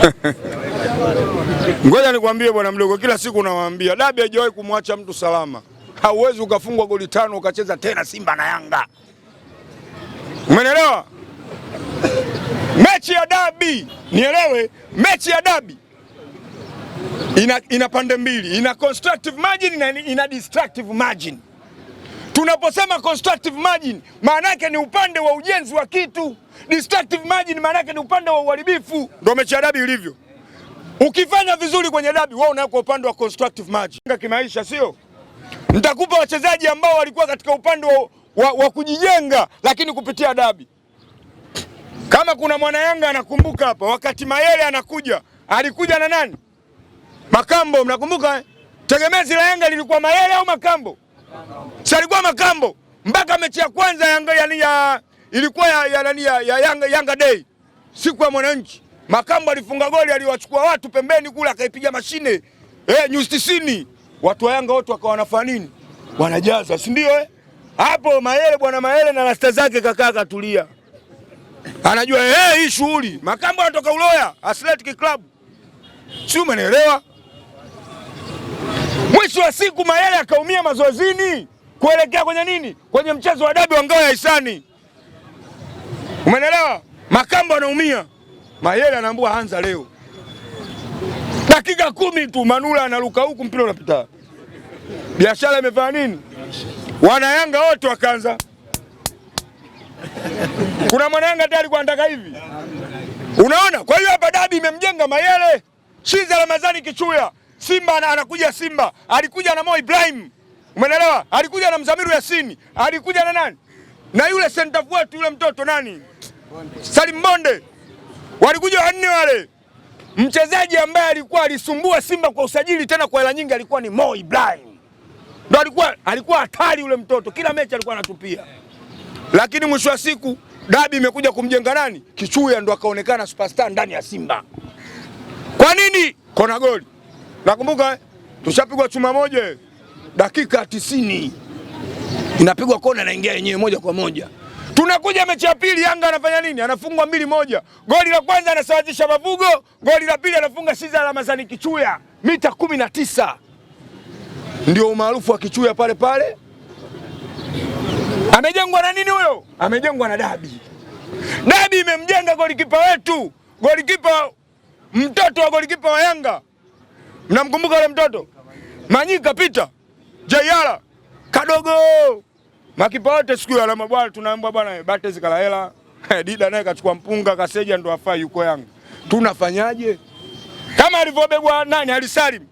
Ngoja nikwambie bwana mdogo, kila siku nawaambia dabi haijawahi kumwacha mtu salama. Hauwezi ukafungwa goli tano ukacheza tena Simba na Yanga, umenelewa? Mechi ya dabi, nielewe, mechi ya dabi ina, ina pande mbili, ina constructive margin na ina destructive margin. Tunaposema constructive margin, maana yake ni upande wa ujenzi wa kitu. Destructive margin maana yake ni upande wa uharibifu. Ndio mechi ya dabi ilivyo. Ukifanya vizuri kwenye dabi, wewe unaweka upande wa constructive margin kimaisha, sio? Nitakupa wachezaji ambao walikuwa katika upande wa, wa, wa kujijenga lakini kupitia dabi. Kama kuna mwana Yanga anakumbuka hapa wakati Mayele anakuja, alikuja na nani? Makambo, mnakumbuka eh? Tegemezi la Yanga lilikuwa Mayele au Makambo? salikuwa Makambo mpaka mechi ya kwanza Yanga ya ilikuwa ya, ya, ya, ya Yanga, Yanga Day siku ya mwananchi, Makambo alifunga goli, aliwachukua watu pembeni kule akaipiga mashine eh, nyuzi tisini. Watu wa Yanga wote wakawa wanafanya nini? Wanajaza, si ndio eh? Hapo Mayele bwana Mayele na rasta zake kakaa katulia anajua eh, hii shughuli. Makambo anatoka Uloya Athletic Club, si umeelewa? mwisho wa siku Mayele akaumia mazoezini kuelekea kwenye nini, kwenye mchezo wa dabi wa ngao ya hisani, umenelewa? Makamba anaumia, Mayele anaambua anza leo, dakika kumi tu Manula anaruka huku, mpira unapita. Biashara imefanya nini? Wanayanga wote wakaanza. Kuna mwanayanga tayari kuandaka hivi, unaona? Kwa hiyo hapa dabi imemjenga Mayele. Shiza Ramadhani Kichuya Simba anakuja Simba, alikuja na Mo Ibrahim, umeelewa? Alikuja na Mzamiru Yasini, alikuja na nani na yule center wetu yule mtoto nani, Salim Bonde, walikuja wanne wale. Mchezaji ambaye alikuwa alisumbua Simba kwa usajili tena kwa hela nyingi alikuwa ni Mo Ibrahim, ndo alikuwa alikuwa hatari yule mtoto, kila mechi alikuwa anatupia, lakini mwisho wa siku dabi imekuja kumjenga nani, Kichuya, ndo akaonekana superstar ndani ya Simba. Kwa nini? Kona goli Nakumbuka eh, tushapigwa chuma moja dakika tisini inapigwa kona naingia yenyewe moja kwa moja. Tunakuja mechi ya pili, Yanga anafanya nini? Anafungwa mbili moja. Goli la kwanza anasawazisha Mavugo, goli la pili anafunga la mazani Kichuya mita kumi na tisa. Ndio umaarufu wa Kichuya pale pale. Amejengwa na nini huyo? Amejengwa na dabi. Dabi imemjenga golikipa wetu, golikipa mtoto wa golikipa wa Yanga Mnamkumbuka yule mtoto Manyika Pita Jayala kadogo makipa wote siku ya alama bwana, tunaomba bwana bate zikala hela Dida naye kachukua mpunga kaseja ndo afai yuko yangu. Tunafanyaje? Kama alivyobebwa nani alisalim.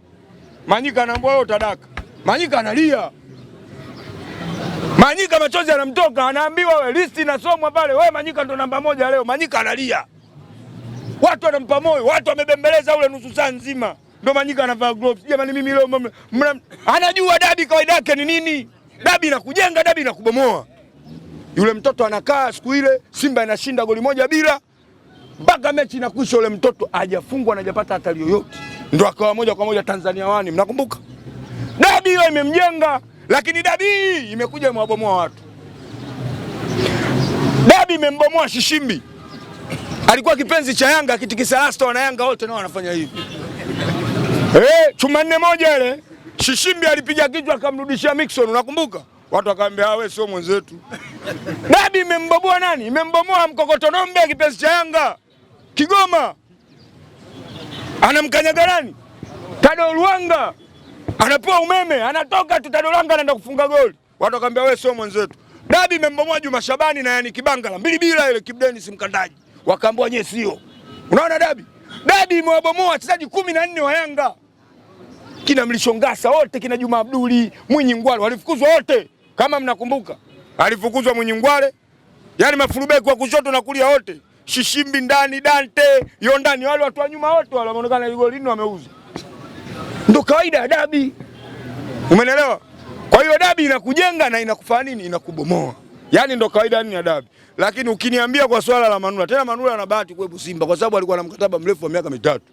Manyika anaambia wewe utadaka. Manyika analia. Manyika machozi anamtoka anaambiwa wewe listi inasomwa pale wewe Manyika ndo namba moja leo. Manyika analia. Watu wanampa moyo, watu wamebembeleza ule nusu saa nzima. Ndio Manyika anavaa gloves. Jamani mimi leo anajua dabi kawaida yake ni nini? Dabi inakujenga, dabi inakubomoa. Yule mtoto anakaa siku ile Simba inashinda goli moja bila mpaka mechi inakwisha, yule mtoto hajafungwa na hajapata hatari yoyote, ndio akawa moja kwa moja Tanzania wani. Mnakumbuka dabi hiyo imemjenga, lakini dabi imekuja imewabomoa watu. Dabi imembomoa Shishimbi, alikuwa kipenzi cha Yanga, kitikisa rasta wana Yanga wote nao wanafanya hivi. Eh, chuma nne moja ile Shishimbi alipiga kichwa akamrudishia Mixon, unakumbuka? Watu wakaambia ah, wewe sio mwenzetu. Dabi imemboboa nani? Imembomoa mkokotonombe kipesi cha Yanga Kigoma, anamkanyaga nani? Luanga. Anapoa umeme, anatoka tu Luanga anaenda kufunga goli. Watu wakaambia wewe sio mwenzetu. Dabi imembomoa Juma Shabani na yani Kibangala mbili bila ile Kibdeni simkandaji, wakaambia nyie sio. Unaona dabi Dabi imewabomoa wachezaji kumi na nne wa Yanga, kina Mlishongasa wote kina Juma Abduli, Mwinyi Ngwale walifukuzwa wote, kama mnakumbuka, alifukuzwa Mwinyi Ngwale, yaani mafurubeki wa kushoto na kulia wote, Shishimbi ndani, Dante yo ndani wale watu wa nyuma wote wale wameonekana golini, wameuza. Ndio kawaida ya dabi, umenelewa? Kwa hiyo dabi inakujenga na inakufanya nini, inakubomoa. Yaani ndo kawaida yaani ni adabu. Lakini ukiniambia kwa swala la Manula, tena Manula ana bahati kuwepo Simba kwa sababu alikuwa na mkataba mrefu wa miaka mitatu.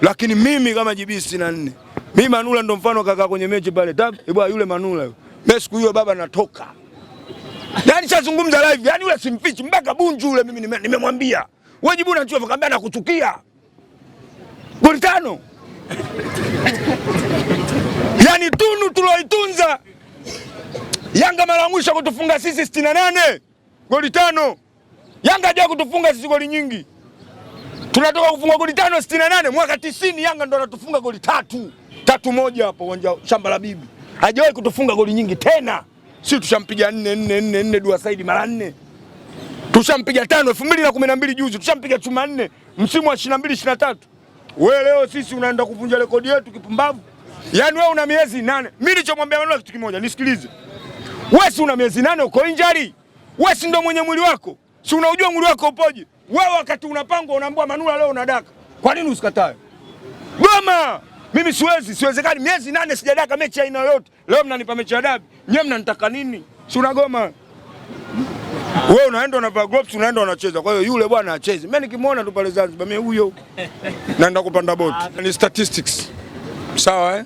Lakini mimi kama JB 64, mimi Manula ndo mfano kaka kwenye mechi pale dabi, e bwana yule Manula. yule. Mimi siku hiyo baba natoka. Yaani chazungumza live, yaani yule simfichi mpaka Bunju yule mimi nimemwambia. Nime Wewe jibu na chova kaambia nakuchukia. Goli tano. Yaani tunu tuloitunza Yanga mara mwisho kutufunga sisi sitini na nane goli tano. Yanga haja kutufunga sisi goli nyingi, tunatoka kufunga goli tano sitini na nane mwaka tisini. Yanga ndo anatufunga goli tatu tatu moja hapo uwanja shamba la bibi, hajawahi kutufunga goli nyingi tena. Sisi tushampiga nne nne nne nne Dua Saidi mara nne, tushampiga tano elfu mbili na kumi na mbili juzi, tushampiga chuma nne msimu wa ishirini na mbili ishirini na tatu. Wewe leo sisi unaenda kuvunja rekodi yetu, kipumbavu! Yaani wewe una miezi nane. Mimi nilichomwambia Manula kitu kimoja, nisikilize. Wewe si una miezi nane uko injari? Wewe si ndo mwenye mwili wako? Si unaujua mwili wako upoje? Wewe wakati unapangwa unaambiwa Manula leo unadaka. Kwa nini usikatae? Goma! Mimi siwezi, siwezekani miezi nane sijadaka mechi aina yoyote. Leo mnanipa mechi ya dabi. Nyewe mnanitaka nini? Si unagoma. Wewe unaenda unavaa gloves unaenda unacheza. Kwa hiyo yule bwana acheze. Mimi nikimwona tu pale Zanzibar mimi huyo naenda kupanda boti. Ah. Ni statistics. Sawa eh?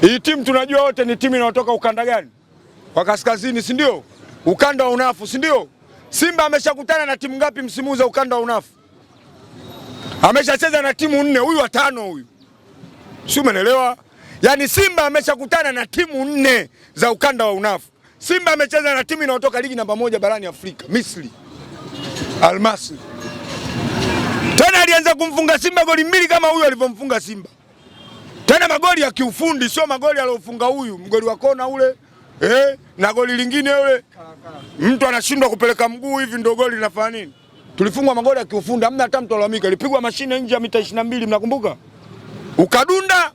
Hii timu tunajua wote ni timu inayotoka ukanda gani? wa kaskazini, si ndio? Ukanda wa unafu, si ndio? Simba ameshakutana na timu ngapi msimu huu za ukanda wa unafu? Ameshacheza na timu nne, huyu wa tano huyu, si umeelewa? Yaani Simba ameshakutana na timu nne za ukanda wa unafu. Simba amecheza na timu inayotoka ligi namba moja barani Afrika, Misri, Almasi. Tena alianza kumfunga Simba goli mbili kama huyu alivyomfunga Simba, tena magoli ya kiufundi, sio magoli aliyofunga huyu, mgoli wa kona ule eh, na goli lingine yule mtu anashindwa kupeleka mguu hivi ndio goli linafanya nini? Tulifungwa magoli ya kiufundi, hamna hata mtu alalamika. Ilipigwa mashine nje ya mita 22 mnakumbuka? Ukadunda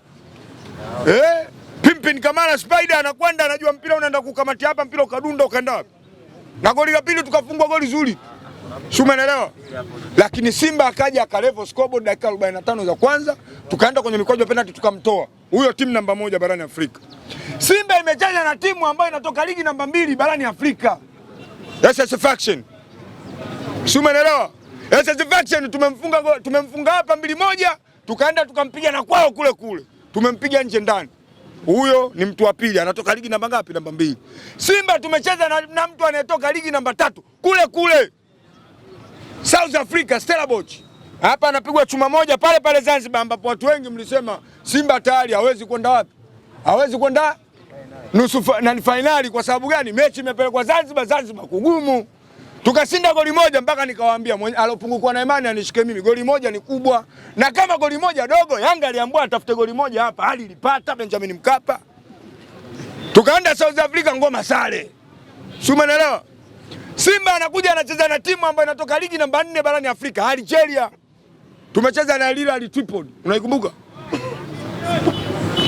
eh, Pimpin Kamara Spider anakwenda anajua mpira unaenda kukamatia hapa, mpira ukadunda ukaenda wapi? Na goli la pili tukafungwa goli zuri. Si umeelewa? Lakini Simba akaja akalevo scoreboard dakika 45 za kwanza, tukaenda kwenye mikwaju ya penalty tukamtoa. Huyo timu namba moja barani Afrika. Simba imecheza na timu ambayo inatoka ligi namba mbili barani Afrika. That's satisfaction. Si umeelewa? That's satisfaction. Tumemfunga tumemfunga hapa mbili moja, tukaenda tukampiga na kwao kule kule, tumempiga nje ndani. Huyo ni mtu wa pili, anatoka ligi namba ngapi? Namba mbili. Simba tumecheza na, na mtu anayetoka ligi namba tatu kule kule South Africa, Stellenbosch. Hapa anapigwa chuma moja pale pale Zanzibar, ambapo watu wengi mlisema Simba tayari hawezi kwenda wapi? Hawezi kwenda nusu na fainali. Kwa sababu gani? Mechi imepelekwa Zanzibar, Zanzibar kugumu, tukashinda goli moja, mpaka nikawaambia alopungukwa na imani anishike mimi. Goli moja ni kubwa, na kama goli moja dogo, Yanga aliambiwa atafute goli moja hapa, hali ilipata Benjamin Mkapa, tukaenda South Africa, ngoma sare, si umeelewa? Simba anakuja anacheza na timu ambayo inatoka ligi namba nne barani Afrika, Algeria. Tumecheza na Al Tripoli, unaikumbuka?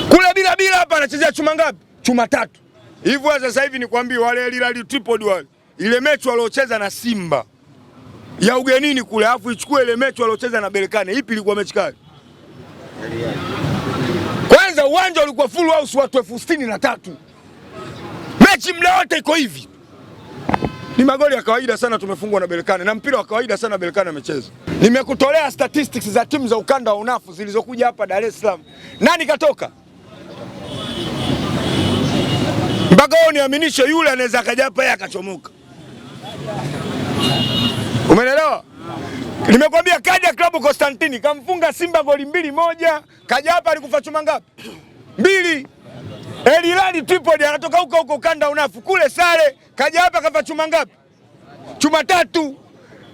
Kule bila bila hapa anachezea chuma ngapi? chuma tatu hivyo. Sasa hivi nikwambie, wale Hilali Tripod wale, ile mechi waliocheza na Simba ya ugenini kule, afu ichukue ile mechi waliocheza na Berkane, ipi ilikuwa mechi kali? Kwanza uwanja ulikuwa full house, watu elfu sitini na tatu. Mechi mda wote iko hivi, ni magoli ya kawaida sana tumefungwa na Berkane na mpira wa kawaida sana Berkane amecheza. Nimekutolea statistics za timu za ukanda wa unafu zilizokuja hapa Dar es Salaam, nani katoka mpaka wewe niaminishe yule anaweza akaja hapa yeye akachomoka. Umeelewa? Nimekwambia kaja klabu Konstantini kamfunga Simba goli mbili moja, kaja hapa alikufa chuma ngapi? Mbili. El Hilal Tripoli anatoka huko huko kanda unafu kule sare, kaja hapa kafa chuma ngapi? Chuma tatu.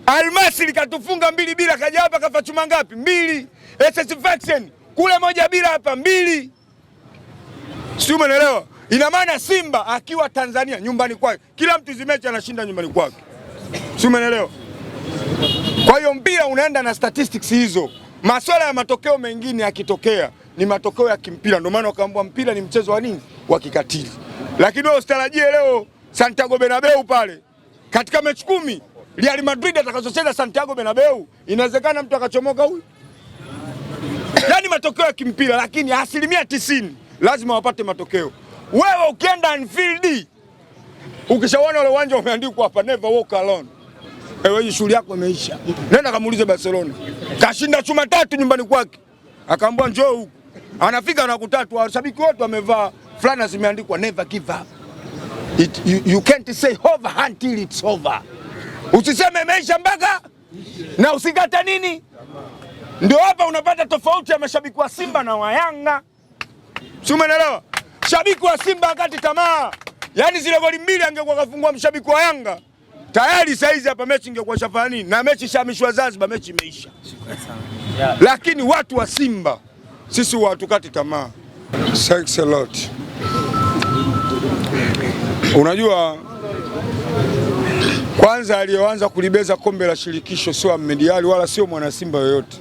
Almasi katufunga mbili bila, kaja hapa kafa chuma ngapi? Mbili. SS Faxen kule moja bila, hapa mbili. Sio, umeelewa? Ina maana Simba akiwa Tanzania nyumbani kwake, kila mtu zimechi anashinda nyumbani kwake, si umeelewa? Kwa hiyo mpira unaenda na statistics hizo. Masuala ya matokeo mengine yakitokea ni matokeo ya kimpira, ndio maana wakaambua mpira ni mchezo wa nini, wa kikatili. Lakini wewe usitarajie leo Santiago Bernabeu pale katika mechi kumi Real Madrid atakazocheza Santiago Bernabeu, inawezekana mtu akachomoka huyu. Yaani matokeo ya kimpira, lakini asilimia tisini lazima wapate matokeo. Wewe ukienda Anfield ukishaona ule uwanja umeandikwa hapa never walk alone, wewe shughuli yako imeisha. Nenda kamuulize Barcelona, kashinda chuma tatu nyumbani kwake, akaambwa njoo huku, anafika na kutatu, washabiki wote wamevaa fulana zimeandikwa never give up. It, you, you can't say over until it's over. Usiseme imeisha mpaka na usikata nini. Ndio hapa unapata tofauti ya mashabiki wa Simba na wa Yanga, si umeelewa? Shabiki wa Simba akati tamaa, yaani zile goli mbili angekuwa kafungua mshabiki wa Yanga tayari saizi hapa mechi ingekuwa shafanya nini, na mechi ishamishwa Zanzibar, mechi imeisha. Lakini watu wa Simba sisi watukati tamaa. Thanks a lot. Unajua, kwanza aliyoanza kulibeza kombe la shirikisho sio Ahmed Ally wala sio mwana Simba yoyote.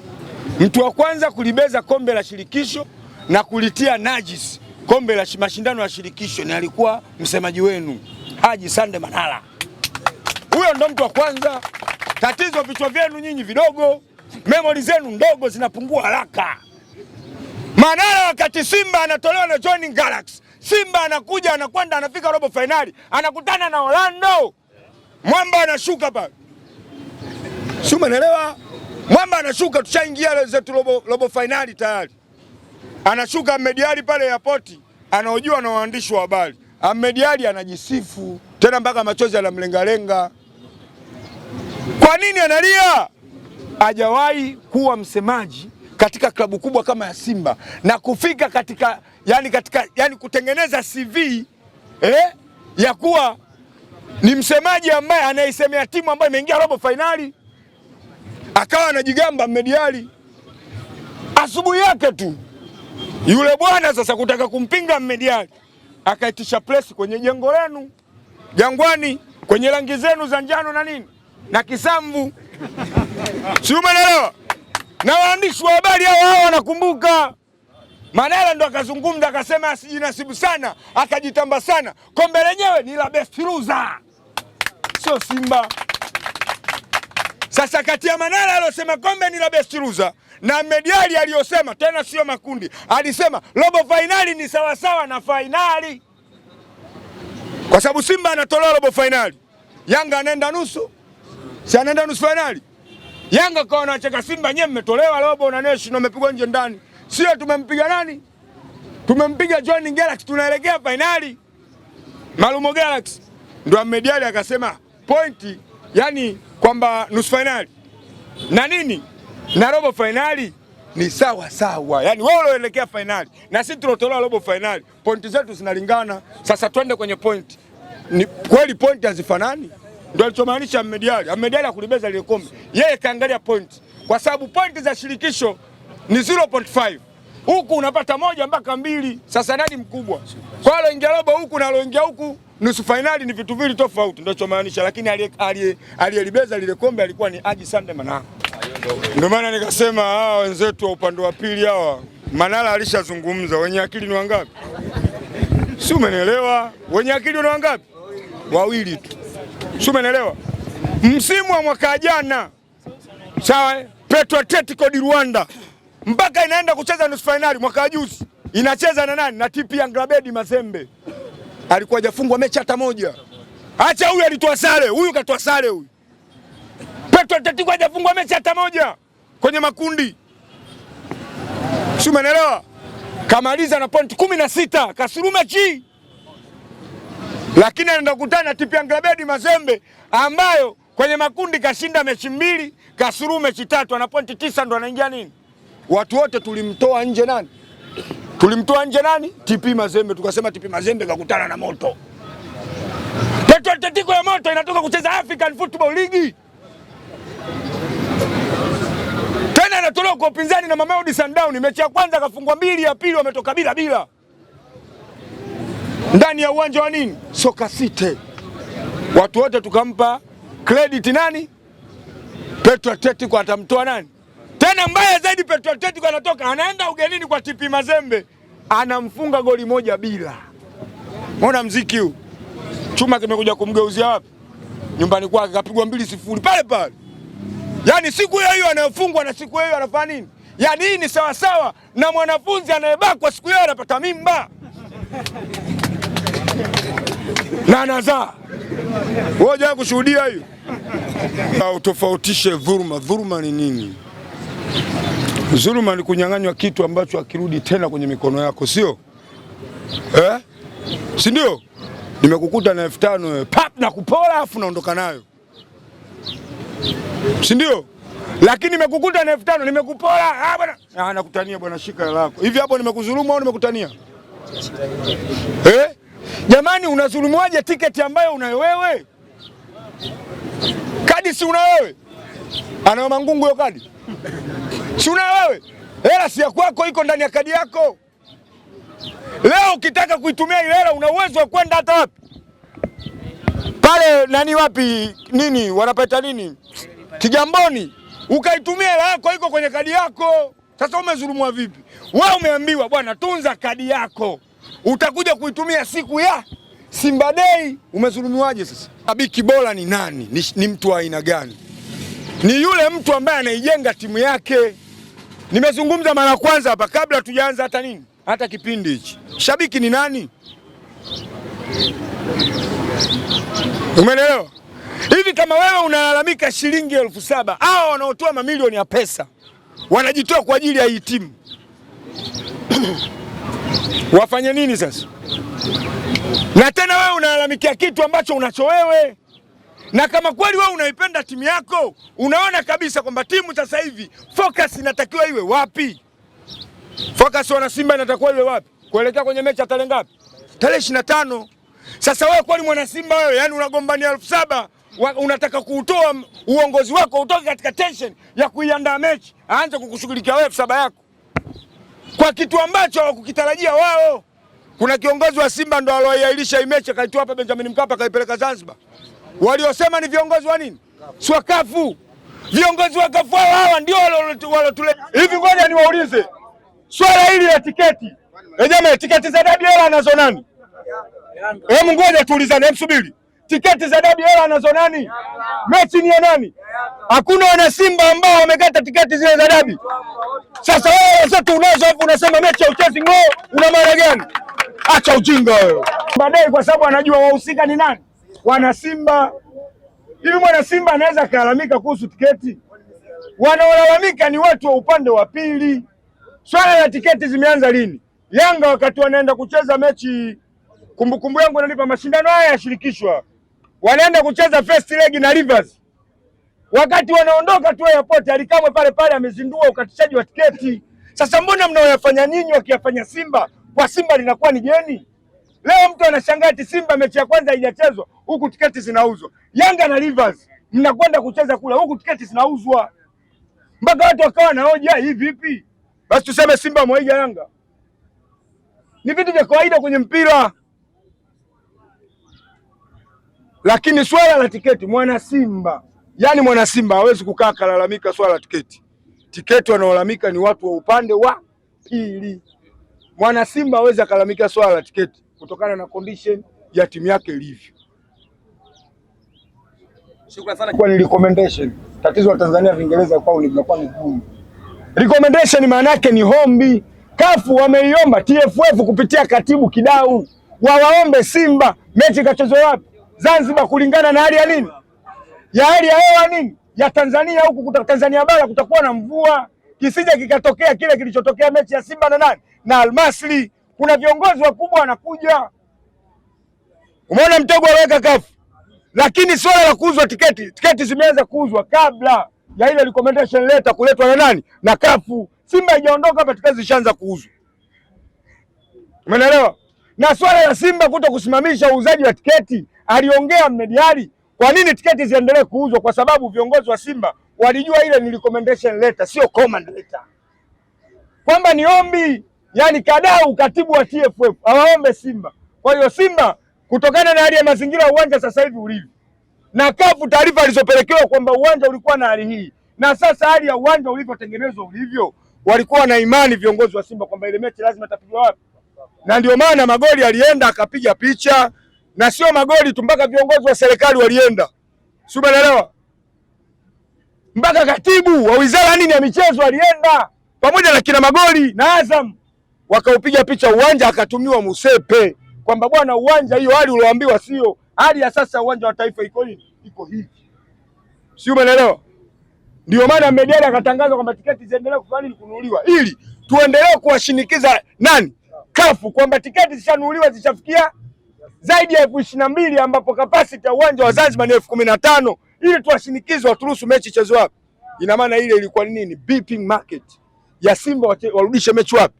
Mtu wa kwanza kulibeza kombe la shirikisho na kulitia najisi kombe la mashindano ya shirikisho, ni alikuwa msemaji wenu Haji Sande Manara, huyo ndo mtu wa kwanza. Tatizo vichwa vyenu nyinyi vidogo, memori zenu ndogo, zinapungua haraka. Manara wakati Simba anatolewa na John Galaxy, Simba anakuja anakwenda anafika robo fainali, anakutana na Orlando, mwamba anashuka pa si umeelewa? Mwamba anashuka, tushaingia zetu robo robo fainali tayari anashuka Ahmed Ally pale airport, anaojua na waandishi wa habari. Ahmed Ally anajisifu tena mpaka machozi anamlengalenga. Kwa nini analia? Hajawahi kuwa msemaji katika klabu kubwa kama ya Simba na kufika katika yani, katika yani kutengeneza CV eh, ya kuwa ni msemaji ambaye anaisemea timu ambayo imeingia robo fainali, akawa anajigamba Ahmed Ally asubuhi yake tu yule bwana sasa kutaka kumpinga mmediali akaitisha presi kwenye jengo lenu Jangwani, kwenye rangi zenu za njano na nini na kisambu si umeelewa? Na waandishi wa habari hao hao wanakumbuka Manara ndo akazungumza akasema, asijinasibu sana, akajitamba sana. Kombe lenyewe ni la best loser, sio Simba. Sasa kati ya Manara aliyosema kombe ni la best loser na Mediali aliyosema tena sio makundi, alisema robo fainali ni sawasawa na fainali, kwa sababu Simba anatolewa robo fainali, Yanga anaenda nusu, si anaenda nusu fainali. Yanga kwa wanacheka Simba, nyewe mmetolewa robo na na mmepigwa nje ndani, sio tumempiga nani? Tumempiga John Galaxy, tunaelekea fainali. Malumo Galaxy ndio Mediali akasema pointi yani kwamba nusu fainali na nini na robo fainali ni sawa sawa, yani wewe unaelekea fainali na sisi tulotolewa robo fainali, pointi zetu zinalingana. Sasa twende kwenye pointi. Ni kweli pointi hazifanani, ndio alichomaanisha Ahmediali. Ahmediali akulibeza ile kombe, yeye kaangalia pointi, kwa sababu pointi za shirikisho ni 0.5 huku unapata moja mpaka mbili. Sasa nani mkubwa kwa aloingia robo huku na aloingia huku nusu fainali ni vitu vili tofauti, ndio chomaanisha, lakini aliyelibeza lile kombe alikuwa ni aji Sande Manara. Ndio maana nikasema hawa wenzetu wa upande wa pili hawa, Manara alishazungumza, wenye akili ni wangapi? Si umenielewa? Wenye akili ni wangapi? Wawili tu, si umenielewa? Msimu wa mwaka jana, sawa, Petro Atletico di Rwanda mpaka inaenda kucheza nusu fainali mwaka juzi, inacheza na nani? Na TP Englebert Mazembe alikuwa hajafungwa mechi hata moja. Acha huyu alitoa sare, huyu katoa sare, huyu Petro Atletico hajafungwa mechi hata moja kwenye makundi, si umeelewa? Kamaliza na point kumi na sita kasuru mechi, lakini anaenda kukutana na TP Englebert Mazembe ambayo kwenye makundi kashinda mechi mbili kasuru mechi tatu, ana pointi tisa, ndo anaingia nini? Watu wote tulimtoa nje nani Tulimtoa nje nani? TP Mazembe, tukasema TP Mazembe kakutana na moto. Petro Atletico ya moto inatoka kucheza African Football League. Tena anatolewa kwa upinzani na Mamelodi Sundowns, mechi ya kwanza kafungwa mbili, ya pili wametoka bila bila. Ndani ya uwanja wa nini? Soka City. Watu wote tukampa credit nani? Petro Atletico atamtoa nani? Tena mbaya zaidi, Petro Atletico anatoka anaenda ugenini kwa TP Mazembe anamfunga goli moja bila. Mbona mziki huu? Chuma kimekuja kumgeuzia wapi? Nyumbani kwake kapigwa mbili sifuri pale pale. Yaani siku hiyo hiyo anayofungwa na siku hiyo anafanya nini? Yaani hii ni sawasawa na mwanafunzi anayebakwa siku hiyo anapata mimba na anazaa. Wewe hujawahi kushuhudia hiyo? Utofautishe dhuruma. Dhuruma ni nini? Zuluma ni kunyang'anywa kitu ambacho akirudi tena kwenye mikono yako, sio eh? si ndio? Nimekukuta na elfu tano wewe, eh, pap na kupola afu naondoka nayo, si ndio? Lakini nimekukuta na elfu tano nimekupola, ah bwana, ah nakutania bwana, shika lako hivi. Hapo nimekudhulumu au nimekutania eh? Jamani, unazulumuaje tiketi ambayo unayo wewe? Kadi si unayo wewe, anayo Mangungu hiyo kadi Suna wewe hela si ya kwako, iko ndani ya kadi yako. Leo ukitaka kuitumia ile hela una uwezo wa kwenda hata wapi pale nani wapi nini wanapata nini Kigamboni, ukaitumia hela yako, iko kwenye kadi yako. Sasa umezulumwa vipi? Wewe umeambiwa bwana, tunza kadi yako, utakuja kuitumia siku ya Simba Day. Umezulumiwaje sasa? Shabiki bora ni nani? Ni, ni mtu wa aina gani? Ni yule mtu ambaye anaijenga timu yake. Nimezungumza mara kwanza hapa kabla tujaanza hata nini hata kipindi hichi, shabiki ni nani? Umeelewa? Hivi kama wewe unalalamika shilingi elfu saba hao wanaotoa mamilioni ya pesa wanajitoa kwa ajili ya hii timu wafanye nini sasa? Na tena wewe unalalamikia kitu ambacho unacho wewe na kama kweli wewe unaipenda timu yako, unaona kabisa kwamba timu sasa hivi focus inatakiwa iwe wapi, focus wana Simba inatakiwa iwe wapi kuelekea kwenye mechi ya tarehe ngapi? Tarehe ishirini na tano. Sasa wewe kweli mwana Simba wewe, yani unagombania elfu saba unataka kuutoa uongozi wako utoke katika tension ya kuiandaa mechi, aanze kukushughulikia wewe elfu saba yako kwa kitu ambacho hawakukitarajia wao. Kuna kiongozi wa Simba ndo aloiailisha hii mechi akaitoa hapa Benjamin Mkapa akaipeleka Zanzibar waliosema ni viongozi wa nini? Swakafu. Viongozi wa kafu hawa ndio walotule. Hivi ngoja niwaulize swala hili la tiketi eh, jamani, tiketi za dabi hela anazo nani? Hebu ngoja tuulizane, msubiri. Tiketi za dabi hela anazo nani? Mechi ni ya nani? Hakuna wana Simba ambao wamekata tiketi zile za dabi. Sasa wewe zote unazo, alafu unasema mechi ya uchezi ngoo, una maana gani? Acha ujinga wewe. Baadaye kwa sababu anajua wahusika ni nani wana Simba. Hivi mwana Simba anaweza akalalamika kuhusu tiketi? Wanaolalamika ni watu wa upande wa pili. Swala la tiketi zimeanza lini? Yanga wakati wanaenda kucheza mechi, kumbukumbu kumbu yangu nalipa mashindano haya yashirikishwa, wanaenda kucheza first leg na Rivers, wakati wanaondoka tu airport, Alikamwe pale pale amezindua ukatishaji wa tiketi. Sasa mbona mnaoyafanya nyinyi wakiyafanya Simba kwa Simba linakuwa ni jeni? Leo mtu anashangaa ati Simba mechi ya kwanza haijachezwa, huku tiketi zinauzwa. Yanga na Rivers mnakwenda kucheza kule, huku tiketi zinauzwa, mpaka watu wakawa na hoja, hii vipi? Basi tuseme Simba mwaiga Yanga, ni vitu vya kawaida kwenye mpira. Lakini swala la tiketi, mwana Simba yani mwana Simba hawezi kukaa kalalamika swala la tiketi. Tiketi wanaolalamika ni watu wa upande wa pili. Mwana Simba hawezi akalalamika swala la tiketi kutokana na condition ya timu yake ilivyo. Shukrani sana kwa ni recommendation. Tatizo la Tanzania Viingereza kwao ni vinakuwa Recommendation maana yake ni hombi. Kafu wameiomba TFF kupitia katibu Kidau wawaombe Simba mechi ikachezwe wapi? Zanzibar, kulingana na hali ya nini ya hali ya hewa nini ya Tanzania huku kuta, Tanzania bara kutakuwa na mvua, kisija kikatokea kile kilichotokea mechi ya Simba na nani na Almasri. Kuna viongozi wakubwa wanakuja, umeona mtego waweka kafu lakini swala la kuuzwa tiketi, tiketi zimeanza kuuzwa kabla ya ile recommendation letter kuletwa na nani na kafu. Simba haijaondoka hapa, tiketi zishaanza kuuzwa, umeelewa? Na swala la Simba kuto kusimamisha uuzaji wa tiketi aliongea Mmediari. Kwa nini tiketi ziendelee kuuzwa? Kwa sababu viongozi wa Simba walijua ile ni recommendation letter, sio command letter, kwamba ni ombi, yani kadau katibu wa TFF awaombe Simba. Kwa hiyo Simba kutokana na hali ya mazingira ya uwanja sasa hivi ulivyo, na kafu taarifa alizopelekewa kwamba uwanja ulikuwa na hali hii, na sasa hali ya uwanja ulivyotengenezwa ulivyo, walikuwa na imani viongozi wa Simba kwamba ile mechi lazima itapigwa wapi, na ndio maana magoli alienda akapiga picha, na sio magoli tu, mpaka viongozi wa serikali walienda, si umeelewa? Mpaka katibu wa wizara nini ya michezo alienda pamoja na kina magoli na Azam wakaupiga picha uwanja, akatumiwa musepe kwamba bwana, uwanja hiyo hali ulioambiwa sio hali ya sasa. Uwanja wa Taifa iko nini? Iko hivi, si umeelewa? Ndio maana Medela akatangaza kwamba tiketi ziendelee kufanya nini, kununuliwa ili tuendelee kuwashinikiza nani, kafu kwamba tiketi zishanunuliwa zishafikia zaidi ya elfu ishirini na mbili ambapo kapasiti ya uwanja wa Zanzibar ni elfu kumi na tano ili tuwashinikize waturuhusu mechi chezo wapi. Ina maana ile ilikuwa nini, ni market ya Simba warudishe mechi wapi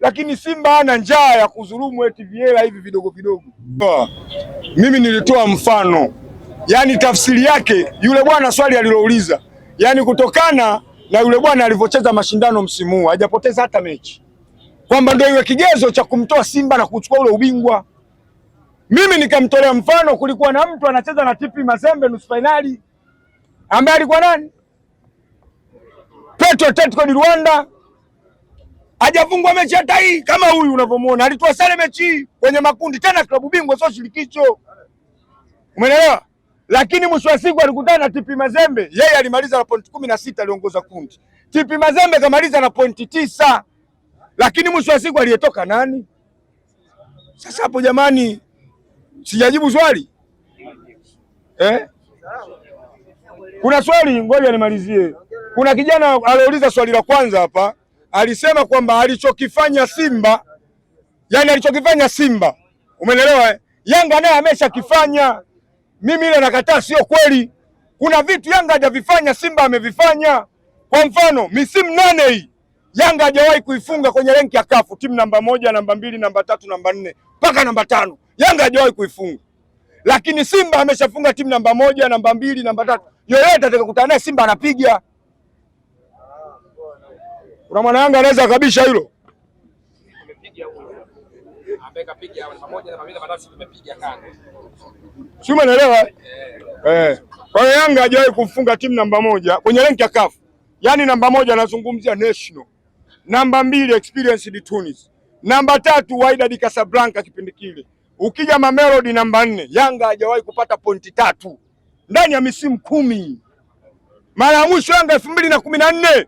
lakini Simba ana njaa ya kudhulumu eti viela hivi vidogo vidogo. Mimi nilitoa mfano, yaani tafsiri yake yule bwana swali alilouliza, yaani kutokana na yule bwana alivyocheza mashindano msimu huu hajapoteza hata mechi, kwamba ndio iwe kigezo cha kumtoa Simba na kuchukua ule ubingwa. Mimi nikamtolea mfano, kulikuwa na mtu anacheza na TP Mazembe nusu fainali, ambaye alikuwa nani? Petro Atletico di Rwanda hajafungwa mechi hata hii. Kama huyu unavyomuona, alitoa sare mechi hii kwenye makundi, tena klabu bingwa, sio shirikisho, umeelewa? Lakini mwisho wa siku alikutana na TP Mazembe, yeye alimaliza na pointi kumi na sita, aliongoza kundi. TP Mazembe kamaliza na pointi tisa, lakini mwisho wa siku aliyetoka nani? Sasa hapo jamani, sijajibu swali eh? Kuna swali, ngoja nimalizie. Kuna kijana aliouliza swali la kwanza hapa alisema kwamba alichokifanya Simba, yani alichokifanya Simba, umeelewa? Eh? Yanga naye ameshakifanya. Mimi ile nakataa, sio kweli. Kuna vitu Yanga hajavifanya, Simba amevifanya. Kwa mfano misimu nane hii Yanga hajawahi kuifunga kwenye renki ya kafu timu namba moja, namba mbili, namba tatu, namba nne mpaka namba tano, Yanga hajawahi kuifunga. Lakini Simba ameshafunga timu namba moja, namba mbili, namba tatu. Yoyote atakayekutana naye Simba anapiga. Kuna mwana Yanga anaweza kabisha hilo. Si umeelewa? Eh? Eh. eh. Kwa hiyo Yanga hajawahi kumfunga timu namba moja kwenye renki ya CAF. Yaani namba moja anazungumzia National. Namba mbili Experienced Tunis. Namba tatu Wydad Casablanca kipindi kile. Ukija Mamelodi namba nne. Yanga hajawahi kupata pointi tatu ndani ya misimu kumi. Mara ya mwisho Yanga elfu mbili na kumi na nne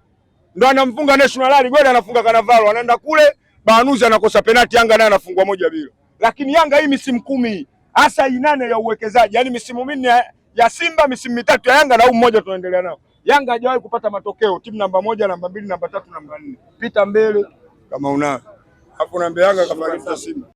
ndo anamfunga National Ali goli, anafunga Kanavaro, anaenda kule Banuzi anakosa penati, Yanga naye anafungwa moja bila. Lakini Yanga hii misimu kumi hasa inane ya uwekezaji, yaani misimu minne ya Simba, misimu mitatu ya Yanga na huu mmoja tunaendelea nao. Yanga hajawahi kupata matokeo, timu namba moja, namba mbili, namba tatu, namba nne, pita mbele kama unao hapo, naambia Yanga kama alifuta Simba.